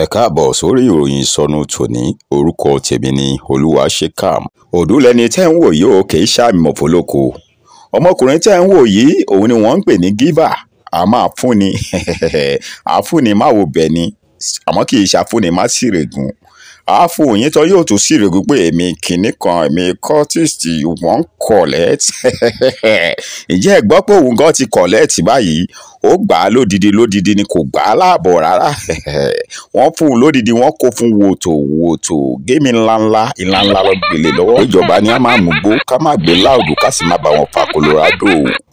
ẹ káàbọ̀ sórí ìròyìn ìsọnù tòní orúkọ tèmi ni olúwaṣekam òdúlẹni tẹ́ ń wò yìí ó kì í ṣàmì mọ̀fólóko ọmọkùnrin tẹ́ ń wò yìí òun ni wọ́n ń pè ní gíbà a máa fúnni àfúnni máa wo bẹ̀ ni àmọ́ kì í ṣàfúnni má sì règùn àáfò òyìntàn yóò tún sí ìrègùn pé èmi kìnní kan èmi cultist wọ́n collect ǹjẹ́ ẹ̀ gbọ́ pé òun gan ti collect báyìí ó gbà á lódidi lódidi ni kò gbà á láàbọ̀ rárá wọ́n fún un lódidi wọ́n kó fún wòtò wòtò gémi ńláńlá ńláńlá lọ gbélé lọ́wọ́ ìjọba ni a máa mú gbó ká má gbé láòdù ká sì má bá wọn fa kolorado.